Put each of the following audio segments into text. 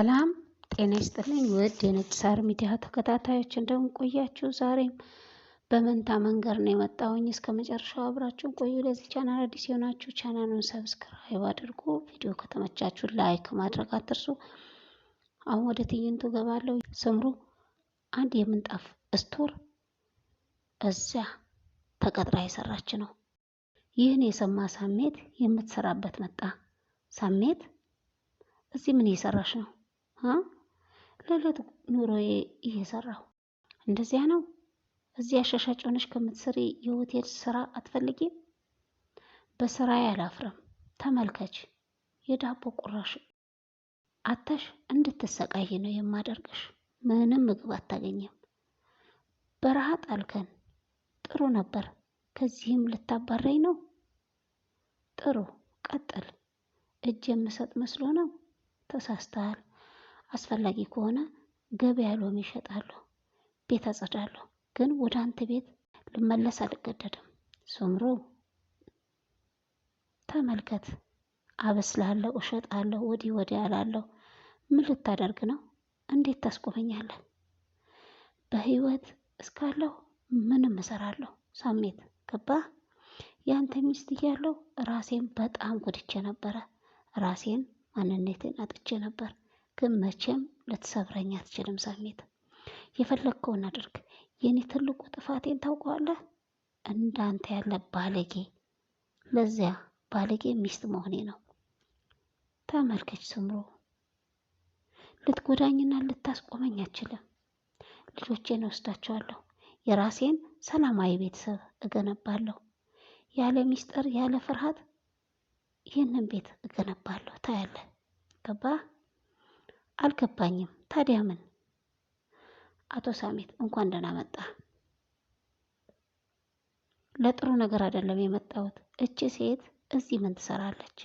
ሰላም ጤና ይስጥልኝ ውድ የነጭ ሳር ሚዲያ ተከታታዮች እንደምን ቆያችሁ? ዛሬም በመንታ መንገድ ነው የመጣውኝ። እስከ መጨረሻው አብራችሁን ቆዩ። ለዚህ ቻናል አዲስ የሆናችሁ ቻናሉን ሰብስክራይብ አድርጉ። ቪዲዮ ከተመቻችሁ ላይክ ማድረግ አትርሱ። አሁን ወደ ትዕይንቱ ገባለሁ። ስምሩ አንድ የምንጣፍ ስቶር እዚያ ተቀጥራ የሰራች ነው። ይህን የሰማ ሳሜት የምትሰራበት መጣ። ሳሜት እዚህ ምን እየሰራች ነው? ለዕለት ኑሮዬ እየሰራሁ እንደዚያ ነው። እዚህ አሻሻጭ ሆነሽ ከምትሰሪ የሆቴል ስራ አትፈልጊም? በስራ አላፍርም። ተመልከች፣ የዳቦ ቁራሽ አተሽ እንድትሰቃይ ነው የማደርግሽ። ምንም ምግብ አታገኝም። በረሃ ጣልከን። ጥሩ ነበር። ከዚህም ልታባረኝ ነው? ጥሩ ቀጥል። እጅ የምሰጥ መስሎ ነው? ተሳስተሃል። አስፈላጊ ከሆነ ገበያ ሎሚ ይሸጣሉ፣ ቤት አጸዳለሁ፣ ግን ወደ አንተ ቤት ልመለስ አልገደድም። ሱምሩ ተመልከት፣ አበስላለሁ፣ እሸጣለሁ፣ ወዲህ ወዲያ እላለሁ። ምን ልታደርግ ነው? እንዴት ታስቆመኛለህ? በህይወት እስካለሁ ምንም እሰራለሁ። ሳሜት ገባ ያንተ ሚስት እያለሁ ራሴን በጣም ጎድቼ ነበረ። ራሴን ማንነቴን አጥቼ ነበር። ግን መቼም ልትሰብረኝ አትችልም። ሳሜት የፈለግከውን አድርግ። የኔ ትልቁ ጥፋቴን ታውቀዋለህ? እንዳንተ ያለ ባለጌ ለዚያ ባለጌ ሚስት መሆኔ ነው። ተመልከች ስምሮ፣ ልትጎዳኝና ልታስቆመኝ አችልም። ልጆቼን ወስዳቸዋለሁ። የራሴን ሰላማዊ ቤተሰብ እገነባለሁ። ያለ ሚስጥር፣ ያለ ፍርሃት ይህንን ቤት እገነባለሁ። ታያለህ። ገባህ? አልገባኝም። ታዲያ ምን? አቶ ሳሜት እንኳን ደህና መጣ። ለጥሩ ነገር አይደለም የመጣሁት። እቺ ሴት እዚህ ምን ትሰራለች?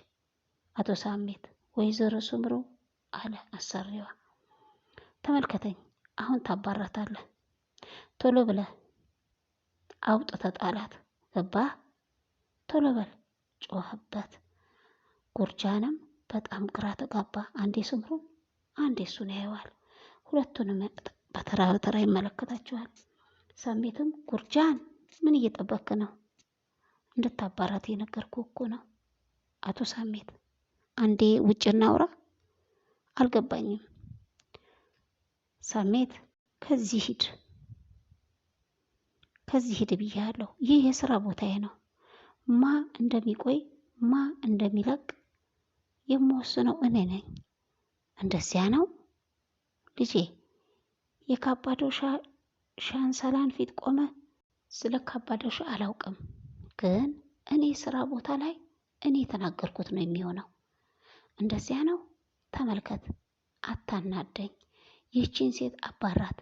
አቶ ሳሜት ወይዘሮ ስምሩ አለ አሰሪዋ። ተመልከተኝ፣ አሁን ታባራታለህ። ቶሎ ብለህ አውጥ ተጣላት። ገባህ? ቶሎ በል ጮኸበት። ጉርጃንም በጣም ግራ ተጋባ። አንዴ ስምሩ አንድ እሱን ያየዋል። ሁለቱንም በተራ በተራ ይመለከታቸዋል። ሳሜትም ጉርጃን ምን እየጠበክ ነው? እንድታባራት የነገርኩ እኮ ነው። አቶ ሳሜት አንዴ ውጭ እናውራ፣ አልገባኝም። ሳሜት ከዚህ ሂድ፣ ከዚህ ሂድ ብያለሁ። ይህ የስራ ቦታዬ ነው። ማ እንደሚቆይ ማ እንደሚለቅ የምወስነው እኔ ነኝ። እንደዚያ ነው ልጄ። የካባዶሻ ሻንሰላን ፊት ቆመ። ስለ ካባዶሻ አላውቅም፣ ግን እኔ ስራ ቦታ ላይ እኔ የተናገርኩት ነው የሚሆነው። እንደዚያ ነው። ተመልከት፣ አታናደኝ። ይህቺን ሴት አባራት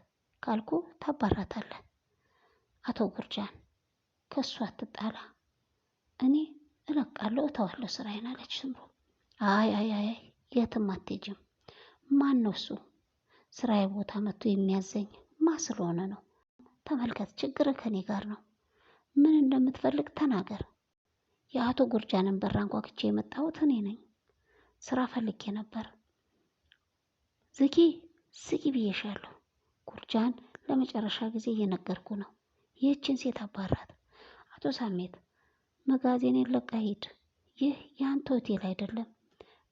ካልኩ ታባራታለህ። አቶ ጉርጃን ከእሷ አትጣላ፣ እኔ እለቃለሁ፣ እተዋለሁ ስራዬን አለች ስምሩ። አይ አይ አይ፣ የትም አትሄጂም ማን ነው እሱ? ስራዬ ቦታ መጥቶ የሚያዘኝ ማ ስለሆነ ነው? ተመልከት፣ ችግር ከኔ ጋር ነው። ምን እንደምትፈልግ ተናገር። የአቶ ጉርጃንን በር አንኳኩቼ የመጣሁት እኔ ነኝ። ስራ ፈልጌ ነበር። ዝጊ ዝጊ ብዬሻለሁ። ጉርጃን ለመጨረሻ ጊዜ እየነገርኩ ነው። ይህችን ሴት አባራት። አቶ ሳሜት መጋዜኔን ለቃ ሂድ። ይህ የአንተ ሆቴል አይደለም።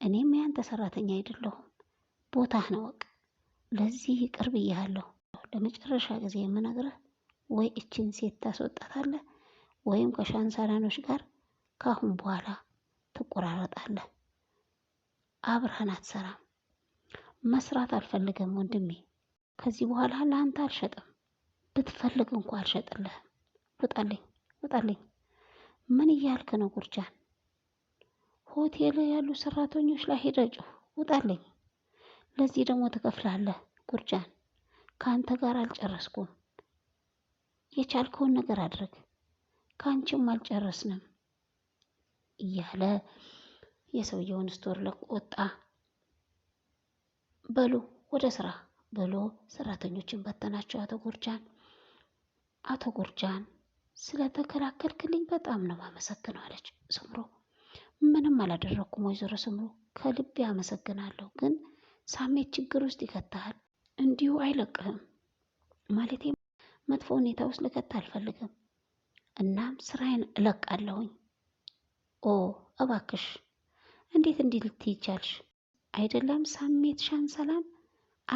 እኔም የአንተ ሰራተኛ አይደለሁም። ቦታህን እወቅ። ለዚህ ይቅር ብያለሁ። ለመጨረሻ ጊዜ የምነግርህ ወይ እችን ሴት ታስወጣታለህ ወይም ከሻንሳላኖች ጋር ካሁን በኋላ ትቆራረጣለህ። አብረህን አትሰራም። መስራት አልፈልግም ወንድሜ። ከዚህ በኋላ ለአንተ አልሸጥም። ብትፈልግ እንኳ አልሸጥልህም። ውጣልኝ፣ ውጣልኝ። ምን እያልክ ነው ጉርጃን? ሆቴል ያሉ ሰራተኞች ላይ ሄደጩ ጩህ። ውጣልኝ። ለዚህ ደግሞ ትከፍላለህ ጉርጃን። ከአንተ ጋር አልጨረስኩም። የቻልከውን ነገር አድርግ፣ ከአንቺም አልጨረስንም እያለ የሰውየውን ስቶር ለቆ ወጣ። በሉ ወደ ስራ ብሎ ሰራተኞችን በተናቸው። አቶ ጉርጃን አቶ ጉርጃን ስለተከላከልክልኝ በጣም ነው ማመሰግነው አለች ስምሮ። ምንም አላደረግኩም ወይዘሮ ስምሮ፣ ከልቤ አመሰግናለሁ ግን ሳሜት ችግር ውስጥ ይከታሃል፣ እንዲሁ አይለቅህም። ማለቴ መጥፎ ሁኔታ ውስጥ ልከታ አልፈልግም። እናም ስራዬን እለቃለሁኝ። ኦ እባክሽ እንዴት እንዲህ ልትይ ቻልሽ? አይደለም ሳሜት ሻን ሰላም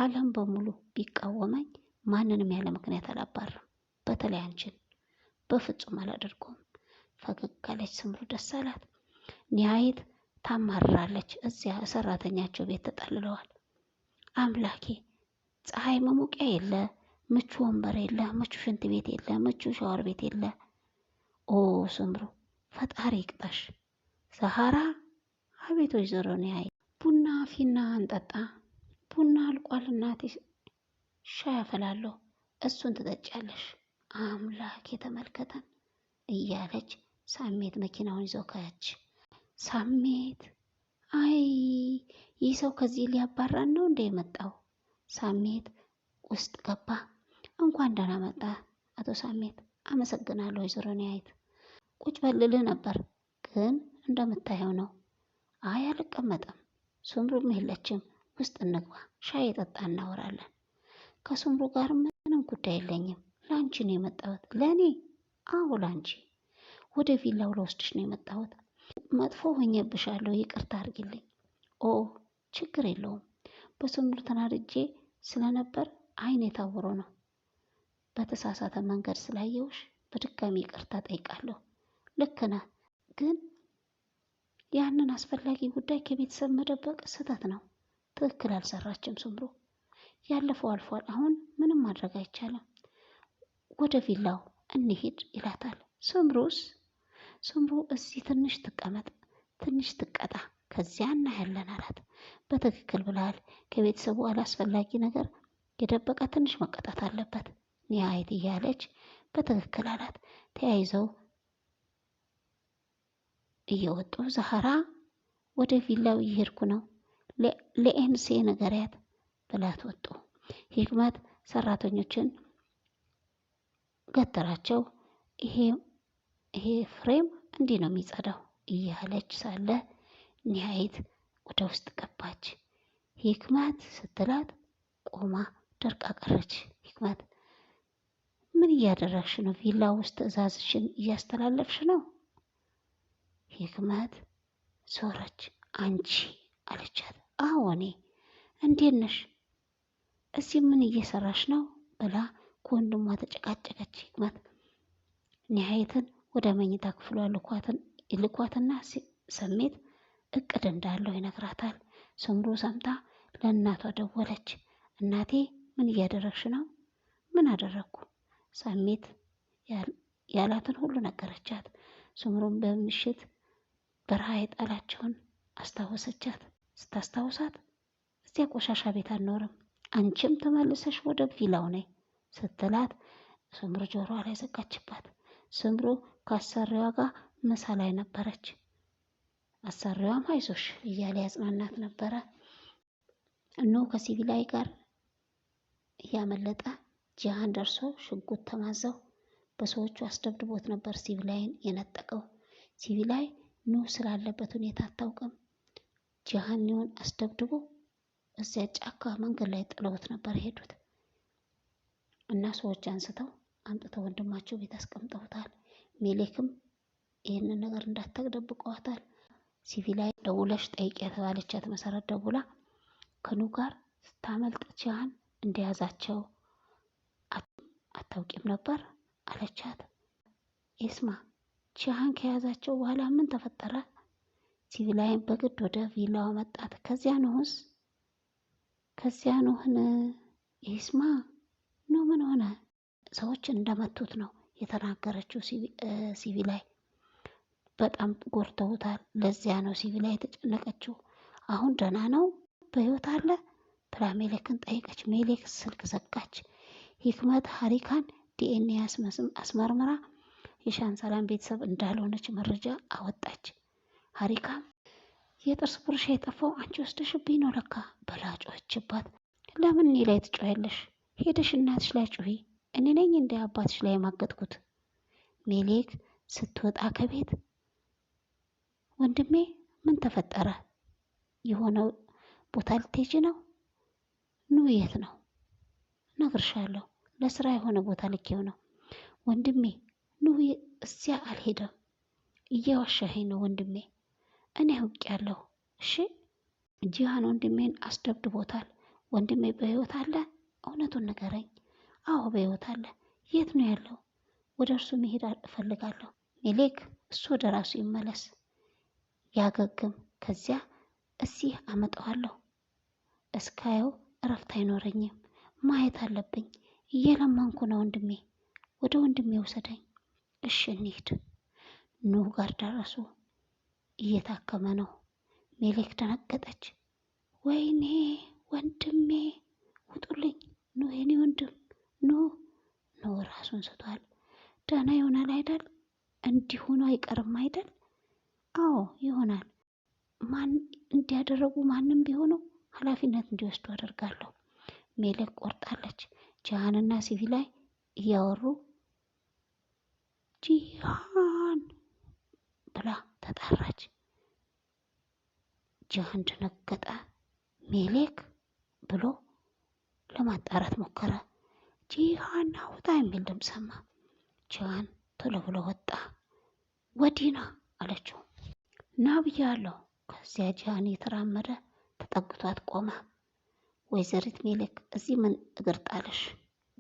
ዓለም በሙሉ ቢቃወመኝ ማንንም ያለ ምክንያት አላባርም። በተለይ አንቺን በፍጹም አላደርገውም። ፈገግ ካለች ስምሩ ደስ አላት ኒያየት ታማራለች። እዚያ ሰራተኛቸው ቤት ተጠልለዋል። አምላኬ ፀሐይ መሞቂያ የለ፣ ምቹ ወንበር የለ፣ ምቹ ሽንት ቤት የለ፣ ምቹ ሻወር ቤት የለ። ኦ ስምሩ ፈጣሪ ይቅጣሽ። ሰሃራ አቤት ወይዘሮ ንያይ ቡና ፊና አንጠጣ። ቡና አልቋል እናቴ፣ ሻይ አፈላለሁ፣ እሱን ትጠጫለሽ። አምላኬ ተመልከተን እያለች ሳሜት መኪናውን ይዘው ከች ሳሜት አይ ይህ ሰው ከዚህ ሊያባራን ነው እንደ የመጣው። ሳሜት ውስጥ ገባ። እንኳን ደህና መጣ አቶ ሳሜት። አመሰግናለሁ ወይዘሮ ኒያይት ቁጭ በልልህ ነበር ግን እንደምታየው ነው። አይ አልቀመጥም፣ ሱምሩም የለችም። ውስጥ እንግባ፣ ሻይ የጠጣ እናወራለን። ከሱምሩ ጋር ምንም ጉዳይ የለኝም። ለአንቺ ነው የመጣሁት። ለእኔ? አዎ ለአንቺ። ወደ ቪላው ለወስድሽ ነው የመጣሁት መጥፎ ሆኜብሻለሁ ይቅርታ አድርጊልኝ። ኦ ችግር የለውም በስሙር ተናድጄ ስለነበር አይን የታውሮ ነው። በተሳሳተ መንገድ ስላየውሽ በድጋሚ ይቅርታ ጠይቃለሁ። ልክ ነህ፣ ግን ያንን አስፈላጊ ጉዳይ ከቤተሰብ መደበቅ ስህተት ነው። ትክክል አልሰራችም ስምሩ። ያለፈው አልፏል። አሁን ምንም ማድረግ አይቻልም። ወደ ቪላው እንሂድ ይላታል። ስምሩስ ስምሩ እዚህ ትንሽ ትቀመጥ፣ ትንሽ ትቀጣ፣ ከዚያ እናያለን አላት። በትክክል ብለሃል። ከቤተሰቡ አላስፈላጊ ነገር የደበቀ ትንሽ መቀጣት አለበት ኒያይት እያለች በትክክል አላት። ተያይዘው እየወጡ ዛህራ ወደ ቪላው እየሄድኩ ነው ለኤንሴ ነገርያት ብላት ወጡ። ሂክመት ሰራተኞችን ገተራቸው። ይሄ ይሄ ፍሬም እንዲህ ነው የሚጸዳው እያለች ሳለ ኒሀይት ወደ ውስጥ ገባች። ሂክማት ስትላት ቆማ ደርቃ ቀረች። ሂክማት ምን እያደረግሽ ነው? ቪላ ውስጥ ትዕዛዝሽን እያስተላለፍሽ ነው? ሂክማት ዞረች። አንቺ አለቻት። አዎ እኔ። እንዴት ነሽ? እዚህ ምን እየሰራሽ ነው? ብላ ከወንድሟ ተጨቃጨቀች። ሂክማት ኒሀይትን ወደ መኝታ ክፍሏ ልኳትና ስሜት እቅድ እንዳለው ይነግራታል። ስምሩ ሰምታ ለእናቷ ደወለች። እናቴ ምን እያደረግሽ ነው? ምን አደረግኩ? ሰሜት ያላትን ሁሉ ነገረቻት። ስምሩን በምሽት በረሃ የጣላቸውን አስታወሰቻት። ስታስታውሳት እዚያ ቆሻሻ ቤት አልኖርም፣ አንቺም ተመልሰሽ ወደ ቪላው ነይ ስትላት ስምሩ ጆሮዋ ላይ ዘጋችባት። ስምሩ ከአሰሪዋ ጋር ምሳ ላይ ነበረች። አሰሪዋም አይዞሽ እያለ ያጽናናት ነበረ። እኖ ከሲቪላይ ጋር እያመለጠ ጂሃን ደርሶ ሽጉጥ ተማዘው በሰዎቹ አስደብድቦት ነበር ሲቪላይን የነጠቀው። ሲቪላይ ኑ ስላለበት ሁኔታ አታውቅም። ሆን አስደብድቦ እዚያ ጫካ መንገድ ላይ ጥለውት ነበር ሄዱት እና ሰዎች አንስተው አምጥተው ወንድማቸው ቤት አስቀምጠውታል። ሜሌክም ይህንን ነገር እንዳታቅ ደብቀዋታል። ሲቪላይ ደውለሽ ጠይቅ የተባለቻት መሰረት ደውላ ከኑ ጋር ስታመልጥ ቺያን እንደያዛቸው አታውቂም ነበር አለቻት። ኤስማ ቺያን ከያዛቸው በኋላ ምን ተፈጠረ? ሲቪላይን በግድ ወደ ቪላው መጣት። ከዚያ ነውስ ከዚያ ነውህን ኤስማ ነው ምን ሆነ? ሰዎች እንደመቱት ነው የተናገረችው ሲቪ ላይ በጣም ጎርተውታል። ለዚያ ነው ሲቪ ላይ የተጨነቀችው። አሁን ደህና ነው በህይወት አለ ብላ ሜሌክን ጠይቀች። ሜሌክ ስልክ ዘጋች። ሂክመት ሀሪካን ዲኤንኤ አስመርምራ የሻን ሰላም ቤተሰብ እንዳልሆነች መረጃ አወጣች። ሀሪካም የጥርስ ብርሽ የጠፋው አንቺ ወስደሽብኝ ነው ለካ በላ ጮኸችባት። ለምን እኔ ላይ ትጮያለሽ? ሄደሽ እናትሽ ላይ ጩሂ እኔ ነኝ እንደ አባትሽ ላይ የማገጥኩት። ሜሌክ ስትወጣ ከቤት ወንድሜ ምን ተፈጠረ? የሆነ ቦታ ልትሄጂ ነው? ኑ የት ነው? እነግርሻለሁ። ለስራ የሆነ ቦታ ልኬው ነው። ወንድሜ ኑ እዚያ አልሄደም። እየዋሻኸኝ ነው ወንድሜ። እኔ አውቄያለሁ። እሺ ጂሃን ወንድሜን አስደብድቦታል። ወንድሜ በህይወት አለ? እውነቱን ንገረኝ። አዎ በሕይወት አለ። የት ነው ያለው? ወደ እርሱ መሄድ እፈልጋለሁ። ሜሌክ እሱ ወደ ራሱ ይመለስ፣ ያገግም። ከዚያ እዚህ አመጣዋለሁ። እስካየው እረፍት አይኖረኝም። ማየት አለብኝ። እየለመንኩ ነው ወንድሜ፣ ወደ ወንድሜ ውሰደኝ። እሺ እንሂድ። ኖህ ጋር ደረሱ። እየታከመ ነው። ሜሌክ ደነገጠች። ወይኔ ወንድሜ፣ ውጡልኝ! ኖህ የኔ ወንድም ኖ ኖ ራሱን ስቷል። ደህና ይሆናል አይደል? እንዲሆኑ አይቀርም አይደል? አዎ ይሆናል። ማን እንዲያደረጉ ማንም ቢሆኑ ኃላፊነት እንዲወስዱ አደርጋለሁ። ሜሌክ ቆርጣለች። ጂሃንና ሲቪ ላይ እያወሩ ጂሃን ብላ ተጣራች። ጂሃን ደነገጠ። ሜሌክ ብሎ ለማጣራት ሞከረ። ጂሃን አውጣ የሚል ድምፅ ሰማ። ጂሃን ቶሎ ብሎ ወጣ። ወዲና አለችው። ና ብያለሁ። ከዚያ ጂሃን እየተራመደ ተጠግቷት ቆመ። ወይዘሪት ሜሌክ እዚህ ምን እግር ጣለሽ?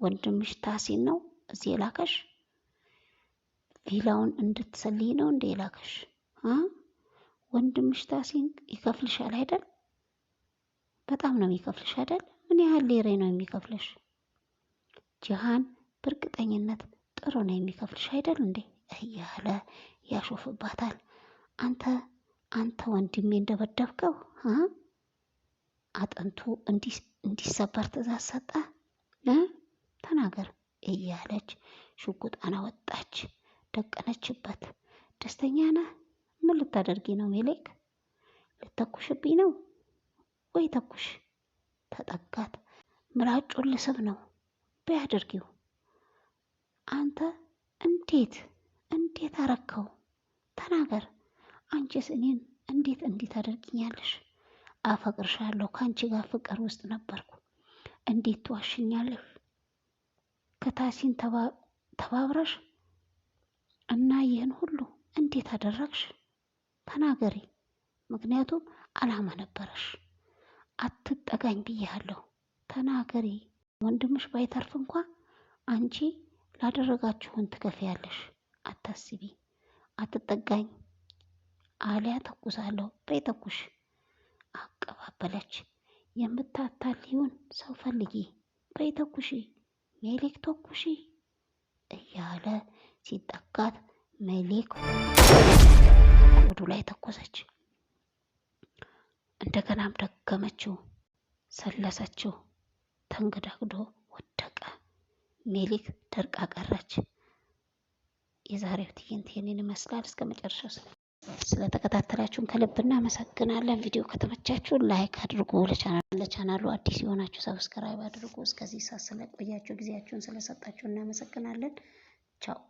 ወንድምሽ ታሲን ነው እዚህ የላከሽ? ቪላውን እንድትሰልይ ነው እንደ የላከሽ? ወንድምሽ ታሲን ይከፍልሻል አይደል? በጣም ነው የሚከፍልሽ አይደል? ምን ያህል ሌሬ ነው የሚከፍልሽ? ጅሃን በእርግጠኝነት ጥሩ ነው የሚከፍልሽ አይደል እንዴ እያለ ያሾፍባታል። አንተ አንተ ወንድሜ እንደበደብከው አጥንቱ እንዲሰበር ትእዛዝ ሰጠ ተናገር እያለች ሽጉጣን አወጣች፣ ደቀነችበት። ደስተኛ ነህ? ምን ልታደርጊ ነው ሜሌክ? ልተኩሽብኝ ነው ወይ? ተኩሽ። ተጠጋት። ምራጩን ልስብ ነው ቢያደርጊው አንተ እንዴት እንዴት አረከው? ተናገር። አንቺስ እኔን እንዴት እንዲህ ታደርጊኛለሽ? አፈቅርሻለሁ። ከአንቺ ጋር ፍቅር ውስጥ ነበርኩ። እንዴት ትዋሽኛለሽ? ከታሲን ተባብረሽ እና ይህን ሁሉ እንዴት አደረግሽ? ተናገሪ። ምክንያቱም አላማ ነበረሽ። አትጠጋኝ ብያለሁ። ተናገሪ። ወንድምሽ ባይተርፍ እንኳ አንቺ ላደረጋችሁን ትከፍያለሽ። አታስቢ፣ አትጠጋኝ፣ አሊያ ተኩሳለሁ፣ በይ ተኩሽ። አቀባበለች። የምታታልዩን ሰው ፈልጊ፣ በይ ተኩሺ፣ ሜሌክ ተኩሺ እያለ ሲጠጋት ሜሌክ ወዱ ላይ ተኮሰች። እንደገናም ደገመችው፣ ሰለሰችው። ተንገዳግዶ ወደቀ። ሜሊክ ደርቃ ቀረች። የዛሬው ትዕይንት ይህንን ይመስላል። እስከ መጨረሻው ስለተከታተላችሁን ከልብ እናመሰግናለን። ቪዲዮ ከተመቻችሁ ላይክ አድርጉ። ለቻናሉ አዲስ የሆናችሁ ሰብስክራይብ አድርጉ። እስከዚህ ሰዓት ስለቆያችሁ ጊዜያችሁን ስለሰጣችሁ እናመሰግናለን። ቻው